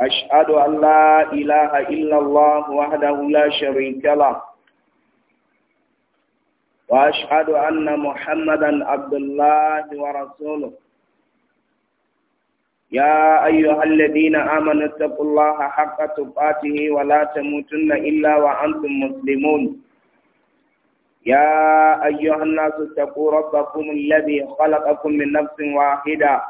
أشهد أن لا إله إلا الله وحده لا شريك له وأشهد أن محمدا عبد الله ورسوله يا أيها الذين آمنوا اتقوا الله حق تقاته ولا تموتن إلا وأنتم مسلمون يا أيها الناس اتقوا ربكم الذي خلقكم من نفس واحدة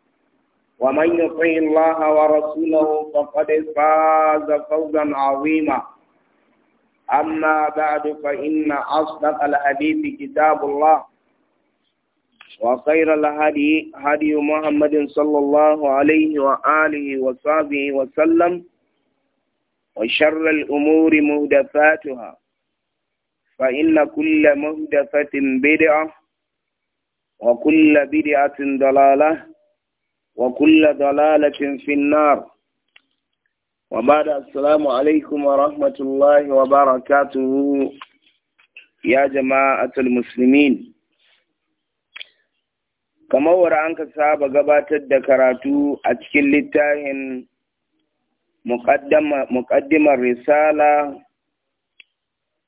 ومن يطع الله ورسوله فقد فاز فوزا عظيما أما بعد فإن أصدق الحديث كتاب الله وخير الهدي هدي محمد صلى الله عليه وآله وصحبه وسلم وشر الأمور مهدفاتها فإن كل مهدفة بدعة وكل بدعة ضلالة وكل ضلالة في النار وبعد السلام عليكم ورحمة الله وبركاته يا جماعة المسلمين kamar wara an ka saba gabatar da karatu a cikin littafin muƙaddimar risala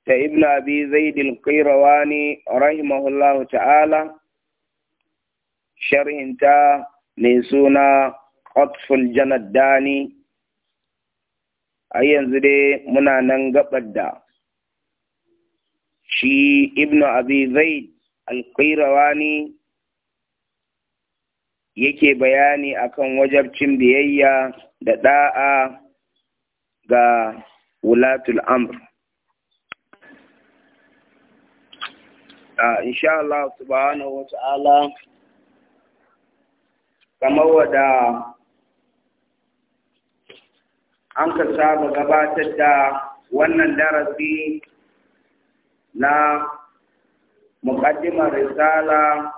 ta ibn abi zaidil qirawani rahimahullahu ta'ala sharhinta mai suna Oxford Janet Dani a yanzu dai muna nan gabar da shi Ibn Abi Zaid al yake bayani akan wajabcin biyayya da ɗa'a ga wulatul amr ah, insha Allah subhanahu wa ta'ala kamar wada an ka saba gabatar da wannan darasi na muƙaddimar risala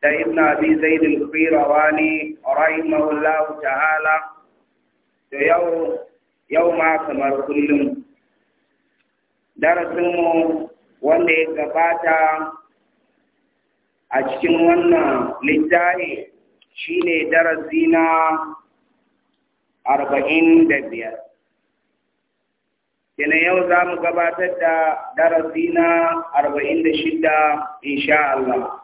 da ibn abi zaid al-qirawani rahimahullahu ta'ala to yau yau ma kamar kullum Darasin mu wanda ya gabata a cikin wannan littafi shine darasi na arba'in da biyar Kina yau za mu gabatar da darasi na arba'in da shida insha Allah.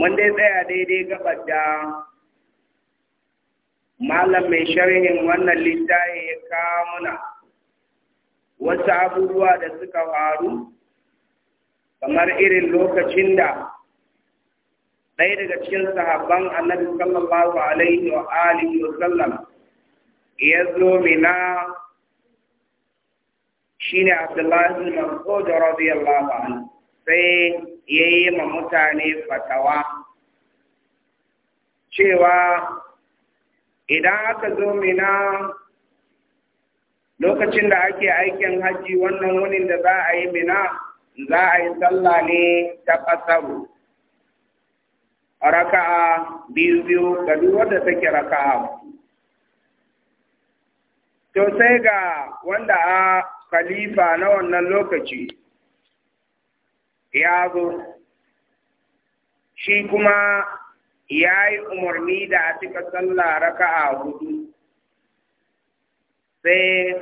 Mun dai tsaya daidai gabar da malam mai sharhin wannan littafi ya kawo muna wasu abubuwa da suka faru kamar irin lokacin da ɗaya daga cikin sahabban annabi sallallahu alaihi wa alihi wa sallam ya zo mina shine abdullahi bin radiyallahu anhu sai yayi ma mutane fatawa cewa idan aka zo mina lokacin da ake aikin hajji wannan wunin da za a yi mina za a yi sallah ne ta ƙasaru raka'a biyu biyu da duk wanda take raka'a to sai ga wanda a khalifa na wannan lokaci ya zo shi kuma ya yi umarni da a cika sallah raka'a hudu sai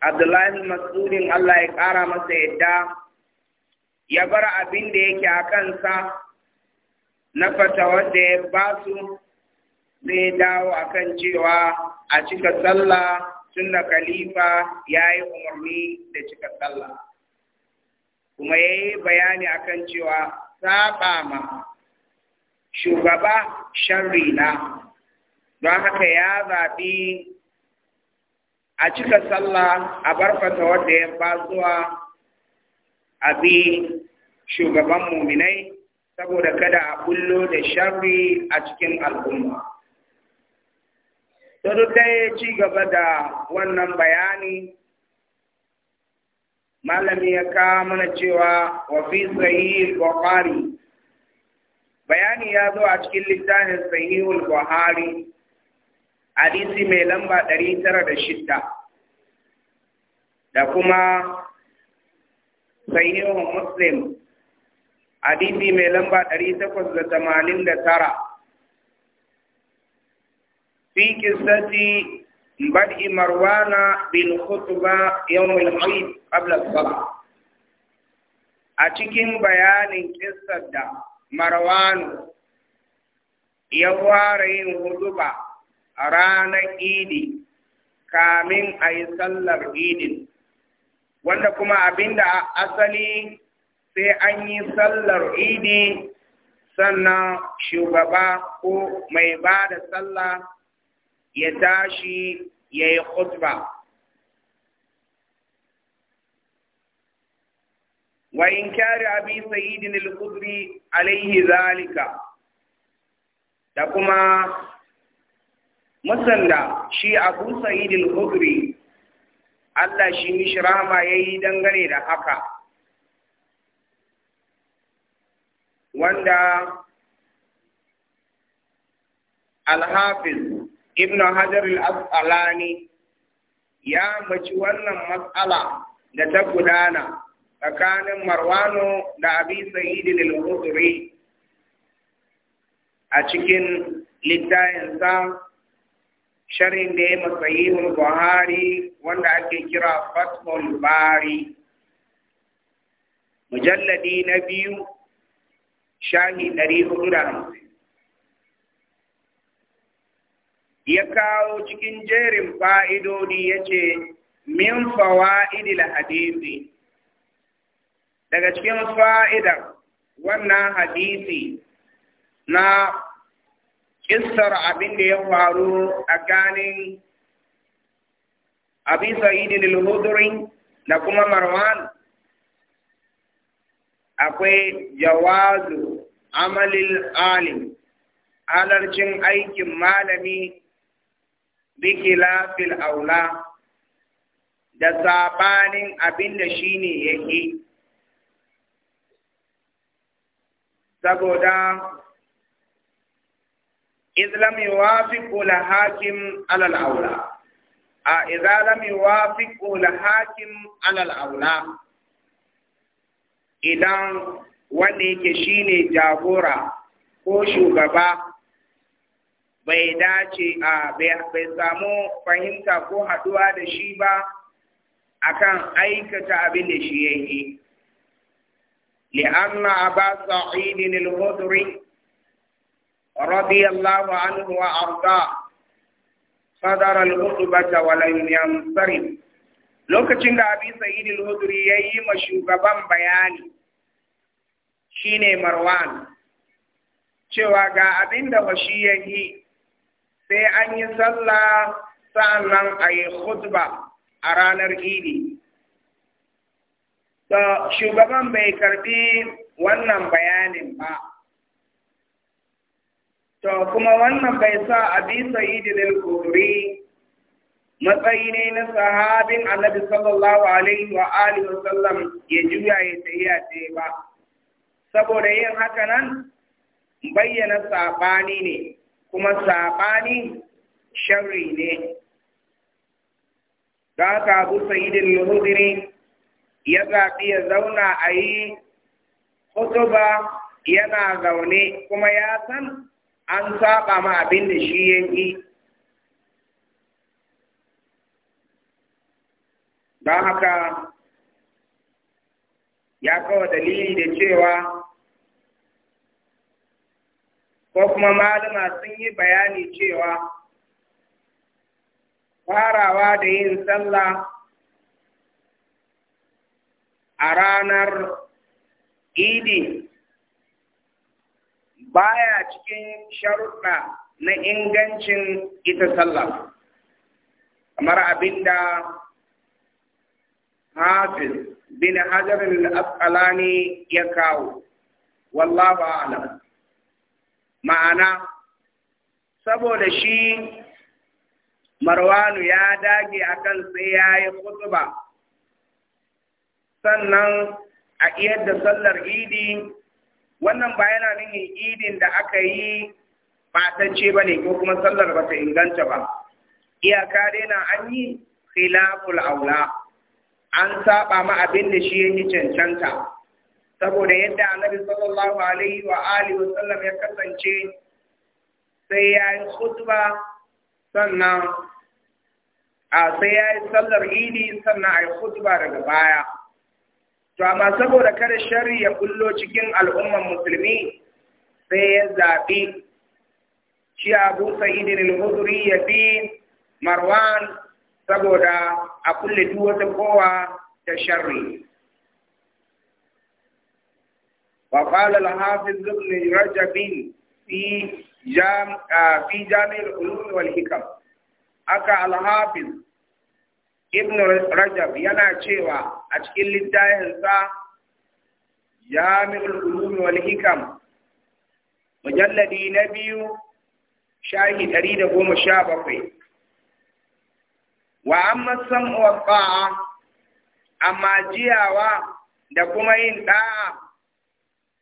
abdullahi masudin allah ya ƙara masa yadda ya bar abin da yake a kansa na fata da ya ba su zai dawo a kan cewa a cika sallah tun da khalifa ya yi umarni da cika sallah kuma ya yi bayani a kan cewa saba ma shugaba sharri na don haka ya zaɓi a cika sallah a barfata wanda ya ba zuwa a bi shugaban muminai saboda kada a kullo da sharri a cikin al'umma. Tudu ya ci gaba da wannan bayani, malami ya kawo mana cewa wa fi sahihul Buhari, Bayani ya zo a cikin littafin sahihul Buhari, hadisi mai lamba ɗari tara da shida, da kuma sahihul Muslim. hadisi mai lamba ɗari takwas da tamanin da tara fi kisati bad'i marwana bin khutba yawmul eid qabla as a cikin bayanin kissar da marwanu ya ware yin huduba a ranar idi kamin a yi sallar idin wanda kuma abinda asali sai an yi sallar idi sannan shugaba ko mai ba da sallah ya tashi ya yi khutba. Wa in kyari abi sayidin al-Qudri alaihi zalika da kuma musalla shi abu sayidin al-Qudri Allah shi mishirama ya yi dangane da haka. wanda alhafiz ibn hajar al-asqalani ya maci wannan matsala da ta gudana tsakanin marwano da abi sa'id al-khudri a cikin littayinsa sharin da ya masahihul buhari wanda ake kira fathul bari mujalladi na biyu shahi ɗari hudu da hamsin ya kawo cikin jerin fa'idodi ya ce min fawa'idil hadisi daga cikin fa'idar wannan hadisi na kissar abin da ya faru a ganin abisa sa'idin da kuma marwan akwai jawazu amalil alim halarcin aikin malami fil aula da sabanin abin da shi ne yake saboda islam fi kula hakim alal aula a idza lam fi kula hakim alal aula idan wanda yake shine jagora ko shugaba bai dace a bai samu fahimta ko haɗuwa da shi ba akan aikata abin da shi yayi li'anna aba sa'idin al-khudri radiyallahu anhu wa arda sadara al-khutbata wa lam yansarif lokacin da abi sa'id al-khudri yayi ma shugaban bayani shine marwan cewa ga abin da washi ya yi sai an yi sallah sa'annan a yi khutba a ranar idi shugaban bai karbi wannan bayanin ba to kuma wannan bai sa abi sa'id al matsayi ne na sahabin annabi sallallahu alaihi wa alihi wa ya juya ya tafiya ba saboda yin haka nan bayyana saɓani ne kuma saɓani shari ne da ka abu sa'idin muhudiri ya zaɓi ya zauna a yi hutuba yana zaune kuma ya san an saɓa ma abin da shi yanki don haka ya kawo dalili da cewa ko kuma malama sun yi bayani cewa farawa da yin sallah a ranar idi baya cikin sharuɗa na ingancin ita sallah kamar abinda hafiz bin hajar al-asqalani ya kawo wallahu a'lam ma'ana saboda shi marwanu ya dage akan sai ya yi kutuba sannan a iya da sallar idi wannan ba yana nufin idin da aka yi batacce ba ne ko kuma sallar ba ta inganta ba iyaka dai na an yi khilaful aula an saba ma abin da shi yake cancanta saboda yadda annabi sallallahu alaihi wa alihi wa sallam ya kasance sai ya yi khutba sannan a sai ya yi sallar idi sannan a yi khutba daga baya to amma saboda kada sharri ya kullo cikin al'umman musulmi sai ya zaɓi shi abu sa'idin al-hudri ya bi marwan saboda a kulle duk kowa ta sharri Ba fa da Alhafi Zubin Rajabin fi Jamil Uluriwal-Hikam, haka Alhafi Zubin Rajab yana cewa a cikin littayansa Jamil Uluriwal-Hikam, mujalladi na biyu sha ki dari da goma Wa amma samuwar ba, amma jiyawa da kuma yin ɗa'a.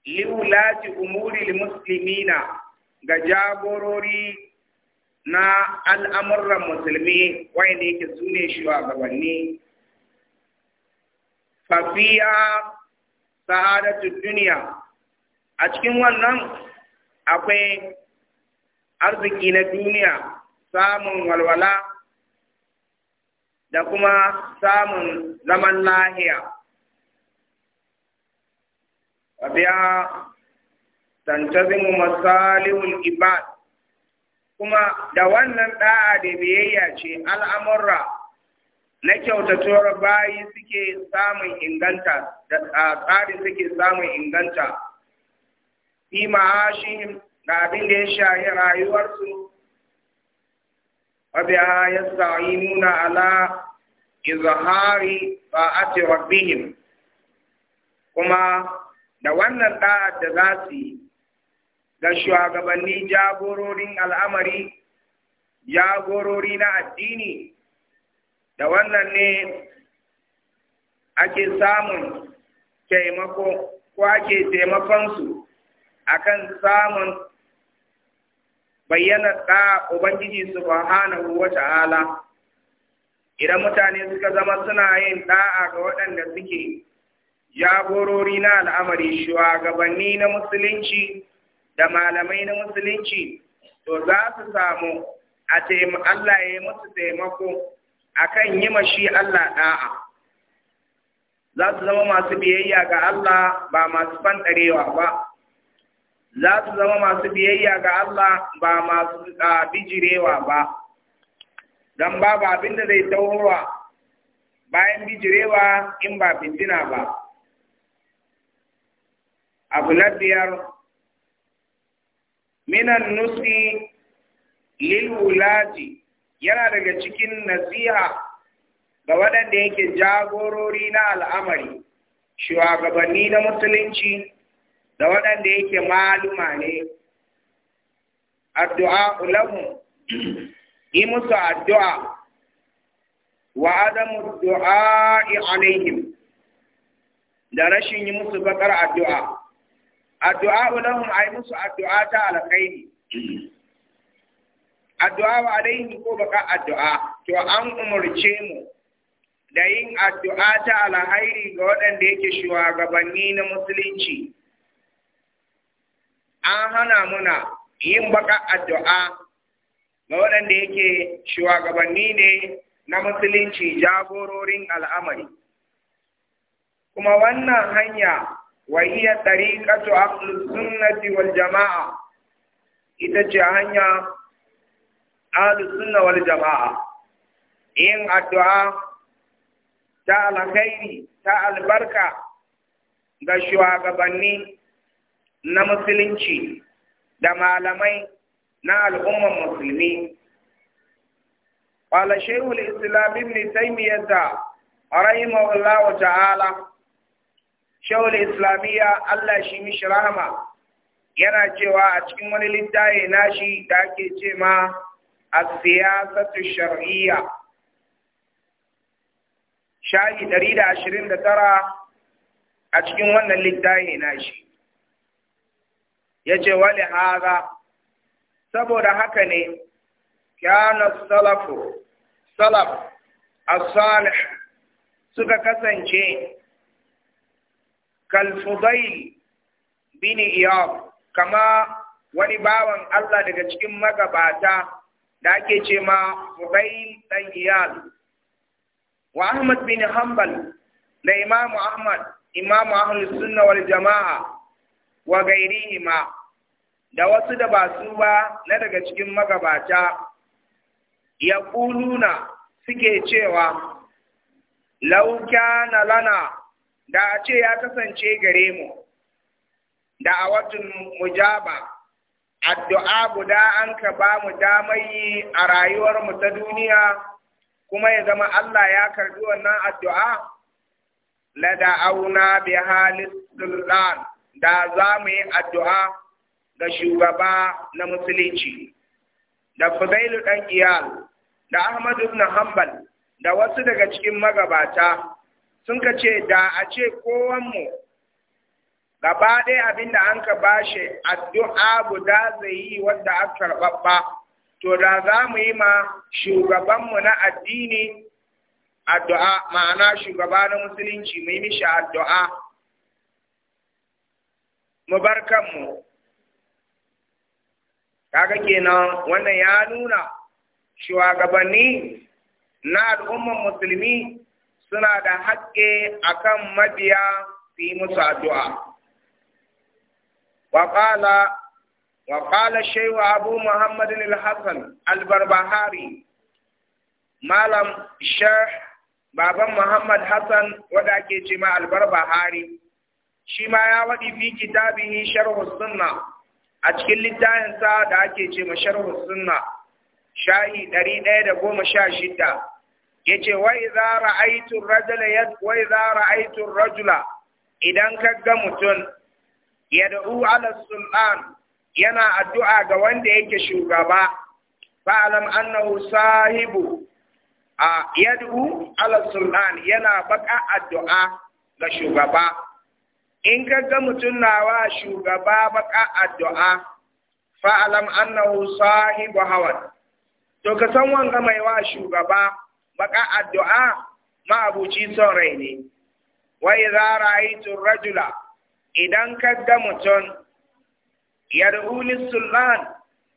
liwulati umuri muslimina ga jagorori na al'amuran musulmi wanda yake su shugabanni fafiya sa'adatu duniya a cikin wannan akwai arziki na duniya samun walwala da kuma samun zaman lahiya وبها تنتظم مصالح العباد kuma da wannan da'a da biyayya ce al'amurra na kyautatuwar bayi suke samun inganta da tsari suke samun inganta fi ma'ashihim da abin da ya shahi rayuwarsu wabi a yasta'inuna ala izhari ba'ati rabbihim kuma da wannan ɗa'ar da za su yi ga shugabanni jagororin al'amari jagorori na addini da wannan ne ake samun taimako ko ake taimakonsu akan samun bayyana da Ubangiji subhanahu wa ta'ala idan mutane suka zama suna yin da'a ga waɗanda suke Ya jagorori na al'amari shugabanni na musulunci da malamai na musulunci to za su samu a Allah ya yi musu taimako a kan yi mashi Allah da'a za su zama masu biyayya ga Allah ba masu fanɗarewa ba za su zama masu biyayya ga Allah ba masu bijirewa ba don babu abin da zai taurowa bayan bijirewa in ba fitina ba abu na biyar minan nusi lilwulati yana daga cikin nasiha ga waɗanda yake jagorori na al'amari shugabanni na musulunci da waɗanda yake maluma ne addu'a ulamu, yi musu addu'a wa adamu du'a alaihim da rashin yi musu bakar addu'a addu'a lahum ay musu addu'a ta alkhairi addu'a wa alaihi ko baka addu'a to an umurce mu da yin addu'a ta alkhairi ga waɗanda yake shugabanni na musulunci an hana muna yin baka addu'a ga waɗanda yake shugabanni ne na musulunci jagororin al'amari kuma wannan hanya وهي طريقة أهل السنة والجماعة إذا هنيا أهل السنة والجماعة إن الدعاء تعالى خيري تعالى بركة غشوا غبني نمسلنشي da malamai na al'ummar قال شيخ الإسلام ابن تيمية رحمه الله تعالى shawul islamiyya Allah shi mishi rahama yana cewa a cikin wani littaye nashi da ake ce ma a siyasatu shar'iyya da 129 a cikin wannan littaye nashi ce Wani haza saboda haka ne kana salafu salaf as suka kasance kalfudail bin iyab kama wani bawan Allah daga cikin magabata da ake ce ma dan iyal wa Ahmad bin Hanbal da Imam Ahmad Imam Ahlus Sunna wal Jama'a wa ma da wasu da ba su ba na daga cikin magabata ya kuluna suke cewa law kana lana da a ce ya kasance gare mu da a watan mujaba addu'a guda an ka ba mu damar yi a rayuwar mu ta duniya kuma ya zama Allah ya karbi wannan addu'a la auna bi halis sultan da za mu yi addu'a ga shugaba na musulunci da Fudailu dan Iyal da Ahmad ibn Hanbal da wasu daga cikin magabata sun ka ce da a ce kowanmu gaba ɗaya abin da an ka bashi addu'a guda zai yi wanda aka karɓaɓɓa to da za mu yi ma shugabanmu na addini addu'a ma'ana shugaba na musulunci mu yi mishi addu'a mu bar kanmu kaga kenan wannan ya nuna shugabanni na al'umman musulmi suna da haƙƙi a kan mabiya su yi musu addu’a. Waƙala, waƙala abu Muhammadin al-Hassan al-Barbahari, Malam Sheikh baban Muhammad Hassan wanda ake ce al-Barbahari, shi ma ya waɗi fi kitabin yi sharhu a cikin littafinsa da ake ce ma sharhu shahi ɗari ɗaya da goma sha shida. yace wai za ra'aytu ar-rajula yad wai za ra'aytu rajula idan kaga mutun yad'u 'ala sultan yana addu'a ga wanda yake shugaba alam annahu sahibu a yad'u 'ala sultan yana baka addu'a ga shugaba in ka mutum mutun nawa shugaba baka addu'a fa'alam annahu sahibu hawan to ka san wanga mai wa shugaba maka addu'a ma'abuci son rai ne wa idza ra'aytu rajula idan ka ga mutum yad'u sultan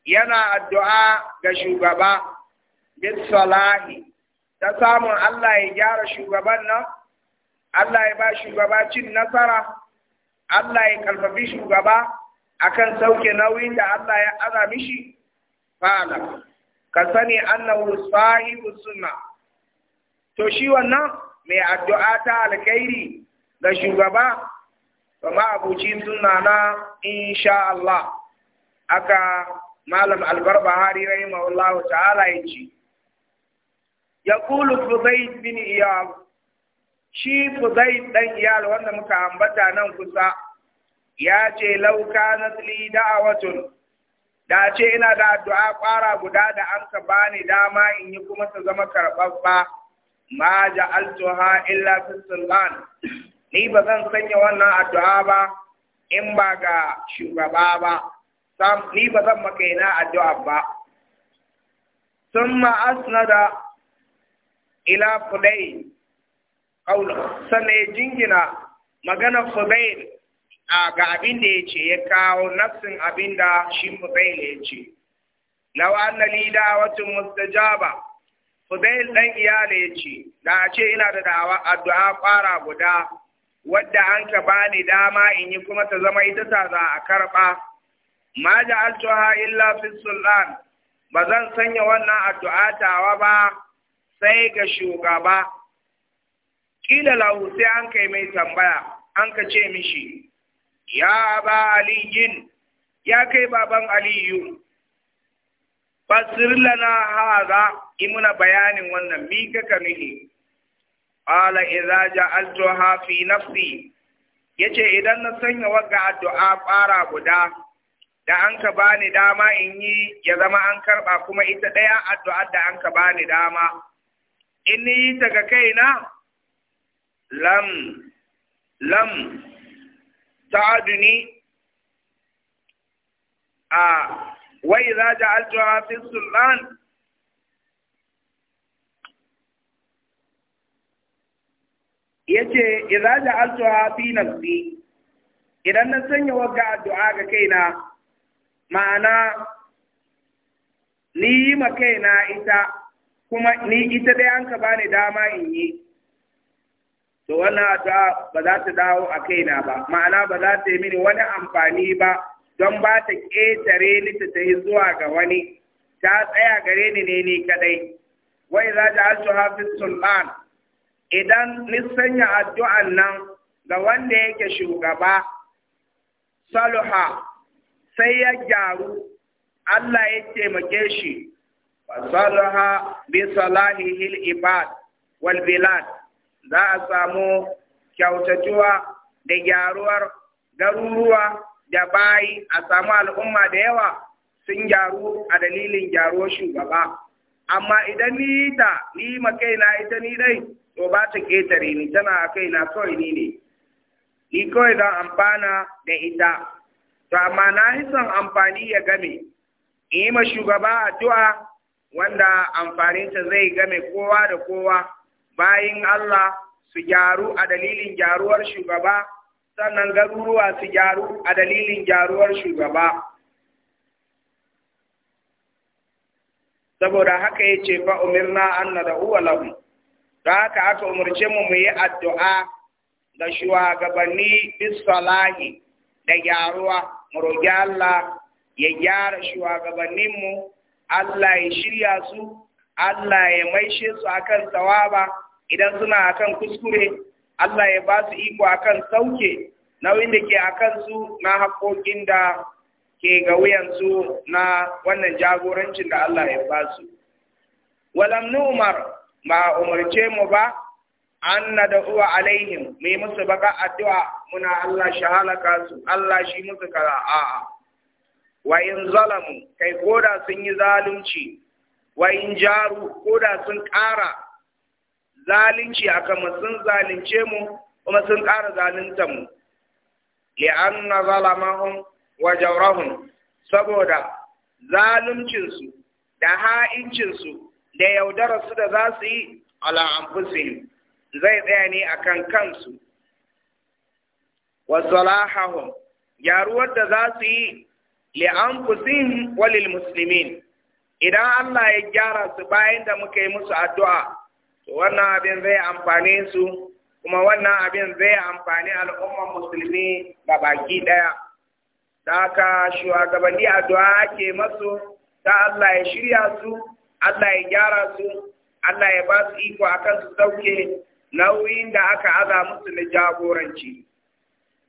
yana addu'a ga shugaba bis salahi ta samun Allah ya gyara shugaban nan Allah ya ba shugaba cin nasara Allah ya kalfafi shugaba akan sauke nauyin da Allah ya aza mishi fa'ala ka sani annahu sahibu sunnah to shi wannan mai addu'a ta alkhairi ga shugaba ba abuci suna na insha Allah aka malam albarba hari rahimahullahu ta'ala ya ce ya kulu fuzaid bin iyal shi fuzaid dan iyal wanda muka ambata nan kusa ya ce lauka na tsili da'awatun da ce ina da addu'a kwara guda da an ka bani dama in yi kuma ta zama karɓar ba. ma ja'altuha illa fi sultan ni ba zan sanya wannan addu'a ba in ba ga shugaba ba sam ni ba zan maka ina addu'a ba thumma asnada ila fulay qawl sanai jingina magana fulayl a ga abin da ya ya kawo nafsin abin da shi fulayl ya ce law anna li da'watun mustajaba Fudail ɗan iyali ya ce, da a ce ina da dawa addu'a ƙwara guda, wadda an ka bani dama in yi kuma ta zama ita ta za a karɓa. Ma altuha illa fi sultan, ba zan sanya wannan addu'a tawa ba sai ga shugaba. Kila lahu sai an kai mai tambaya, an ka ce mishi, Ya ba aliyin, ya kai baban aliyu, fasir lana haza imuna bayanin wannan mi kaka mihi izaja idza ja'altuha fi nafsi yace idan na sanya wagga addu'a fara guda da an ka bani dama in yi ya zama an karba kuma ita daya addu'a da an ka bani dama in yi daga kaina lam lam ta'aduni a wa idza ja'altuha fi sultan yace idza ja'altuha fi nafsi idan na sanya wagga addu'a ga kaina ma'ana ni yi ma kaina ita kuma ni ita dai an bani dama in yi to wannan addu'a ba za ta dawo a kaina ba ma'ana ba za ta yi mini wani amfani ba don ba ta ƙetare ni ta tafi zuwa ga wani ta tsaya gare ni ne ni kadai wai za ta hasu hafi idan ni sanya addu'an nan ga wanda yake shugaba saluha sai ya gyaru Allah ya taimake shi saluha bi Salahi hil ibad wal bilad za a samu kyautatuwa da gyaruwar garuruwa da bayi a samu al'umma da yawa sun gyaru a dalilin gyaro shugaba amma idan ni ta ni ma kaina ita ni dai to ba ta ketare ni tana kaina kawai ni ne ni kawai zan amfana da ita to amma na yi son amfani ya game in yi ma shugaba addu'a wanda amfaninta zai game kowa da kowa Bayan Allah su gyaru a dalilin gyaruwar shugaba sannan garuruwa su gyaru a dalilin gyaruwar shugaba saboda haka ya ce ba umirna anna da uwa lahu haka aka umarce mu mu yi addu'a da shugabanni bisalahi da gyaruwa mu roƙi Allah ya gyara shugabanninmu Allah ya shirya su Allah ya maishe su kan tawaba idan suna kan kuskure Allah ya ba su iko akan sauke nauyin da ke akan su na haƙoƙin da ke ga wuyansu na wannan jagorancin da Allah ya ba su. Walam Umar ba umarce mu ba, Anna da uwa alaihim, mu yi musu baka addu'a muna Allah shi halaka su, Allah shi musu kara a. Wa in zalamu, kai koda sun yi zalunci, wa in jaru, koda sun ƙara zalunci a kan sun zalunce mu kuma sun ƙara zalunta mu li'anna zalamahum wa jawrahum saboda zaluncinsu da ha'incinsu da yaudarar da za su yi ala zai tsaya ne akan kansu wa gyaruwar da za su yi li anfusihim musulmin. idan Allah ya gyara su bayan da muka yi musu addu'a wannan abin zai amfane su kuma wannan abin zai amfani al'ummar musulmi ga baki ɗaya. Da haka shugabanni duwa ake masu ta Allah ya shirya su, Allah ya gyara su, Allah ya ba su iko kan su sauke nauyin da aka aza musu na jagoranci.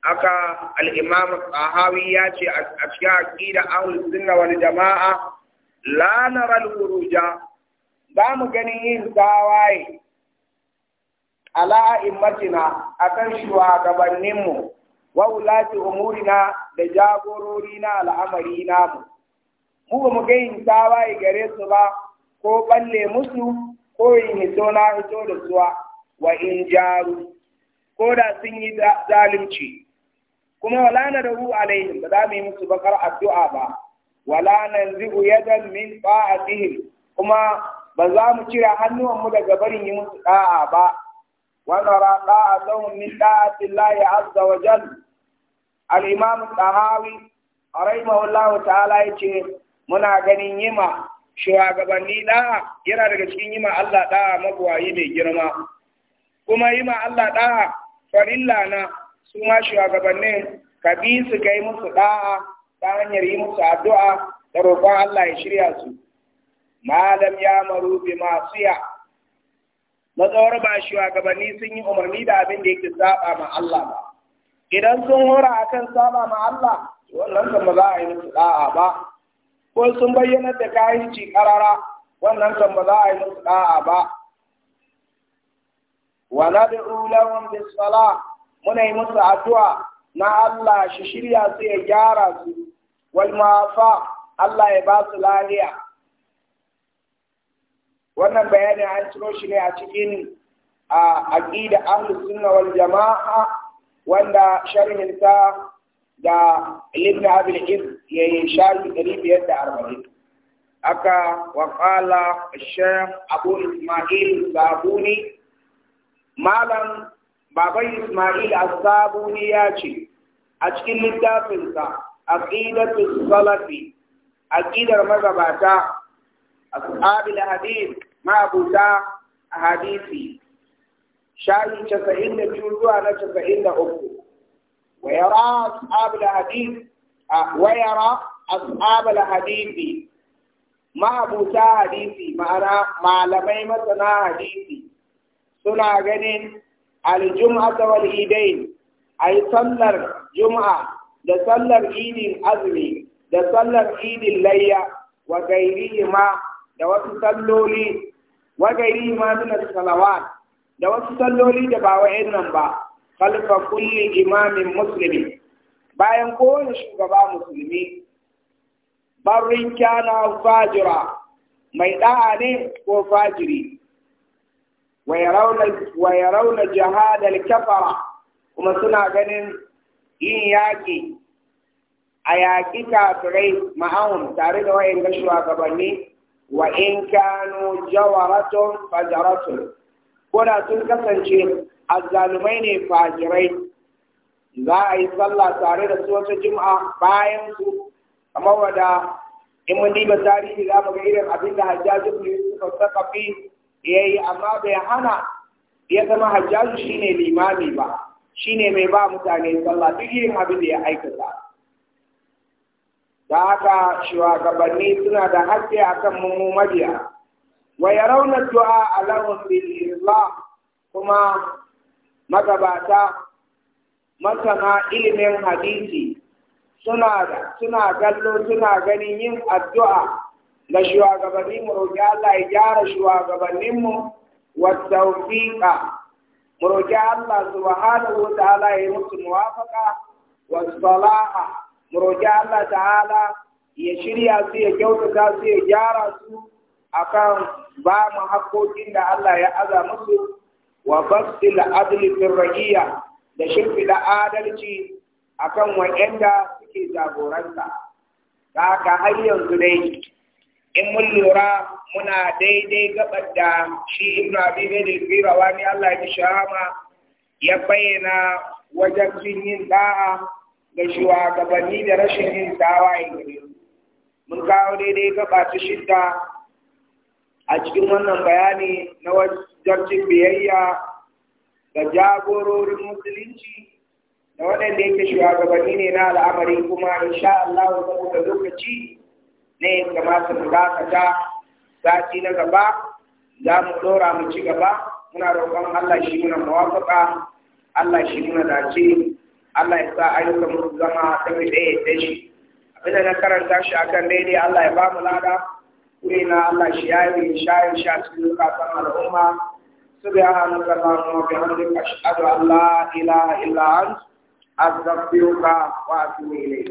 Aka al'imam tsahawi ya ce a cikin aƙida ahul sunna wani jama'a la naral za mu ganin yin tawaye ala immatina akan shugabanninmu wa ulati umurina da jagorori na al'amari namu mu ba mu ga yin tawaye gare su ba ko balle musu ko yin hito na hito da suwa wa in jaru ko da sun yi zalunci kuma wala na da alaihim ba za mu yi musu bakar addu'a ba wala na zibu yadan min ba'atihim kuma ba za mu cire hannuwanmu daga barin yi musu da'a ba wa a da'atuhum min da'ati Allah azza wa jalla al-imam tahawi rahimahullah ta'ala yace muna ganin yima shugabanni da'a yana daga cikin yima Allah da'a magwayi mai girma kuma yima Allah da'a farilla na su ma shugabannin ka bi su kai musu da'a ta hanyar yi musu addu'a da roƙon Allah ya shirya su malam ya maru bi masiya matsawar ba shugabanni sun yi umarni da abin da yake saba ma Allah ba idan sun hora akan saba ma Allah wannan kan ba za a yi musu da'a ba ko sun bayyana da kayanci karara wannan kan ba za a yi musu da'a ba wa nad'u lahum bis muna yi musu addu'a na Allah shi shirya su ya gyara su wal mafa Allah ya ba su wannan bayani an ciro shi ne a cikin a aqida ahlus sunna wal jamaa wanda sharhin sa da ibn abi al-iz yayi sharhi arba'i aka wa qala shaykh abu isma'il zabuni malam baban isma'il as-sabuni ya ce a cikin littafinsa aqidatus salafi aqidar magabata ashabil hadith ma abuta hadisi shayi 92 zuwa na 93 wa yara ashabil hadith wa yara ashabil hadisi malamai masana hadisi suna ganin aljum'ata wal idain ay sallar jum'a da sallar idin azumi da sallar idin layya wa gairihi ma da wasu salloli yi ma salawat da wasu salloli da ba nan ba kalfa kulli imamin musulmi, bayan kowane shugaba musulmi barin kyana fajira mai ɗa'a ne ko fajiri wa rauna jihadar kafara kuma suna ganin yin yaƙi a yaƙi kafirai ma'aun tare da wayan ga shugabanni wa in kanu jawaratun fajaratun ko da sun kasance azzalumai ne fajirai za a yi sallah tare da su wata juma'a bayan su Amma wada in mun diba tarihi za mu ga irin abin da hajjaji ibn yusuf sakafi yayi amma bai hana ya zama hajjaji shine limami ba shine mai ba mutane sallah duk irin abin da ya aikata da haka shugabanni suna da haske kan mu mabiya wa yarawna du'a alahum bil islah kuma magabata masana ilimin hadisi suna suna gallo suna ganin yin addu'a ga shugabanni mu roƙi Allah ya gyara shugabannin mu wa tawfiqa mu roƙi Allah subhanahu wa ta'ala ya musu muwafaqa wa salaha mu roƙi Allah hala ya shirya su ya kyautata su ya gyara su akan ba mu haƙoƙin da Allah ya aza musu wa basil adli firraqiya da shirfi da adalci akan da suke jagoranta ta ka har yanzu dai in mun lura muna daidai gabar da shi ibn abi zaid al Allah ya shahama ya bayyana wajen yin da'a ga gabanni da rashin yin tawaye gare mun kawo daidai gaba ta shidda a cikin wannan bayani na wajen biyayya da jagororin musulunci da waɗanda yake shugabanni ne na al'amari kuma insha Allah saboda lokaci ne kamata mu dakata sati na gaba za mu ɗora mu ci gaba muna roƙon Allah shi muna mawafaka. Allah shi muna dace Allah ya sa ayyukan mu zama ta mi ɗaya da shi abinda na karanta shi akan daidai Allah ya ba mu lada kuri na Allah shi ya yi shayin sha cikin zukatan al'umma subhanaka allahumma wa bihamdika ashhadu an la ilaha illa anta astaghfiruka wa atubu ilayk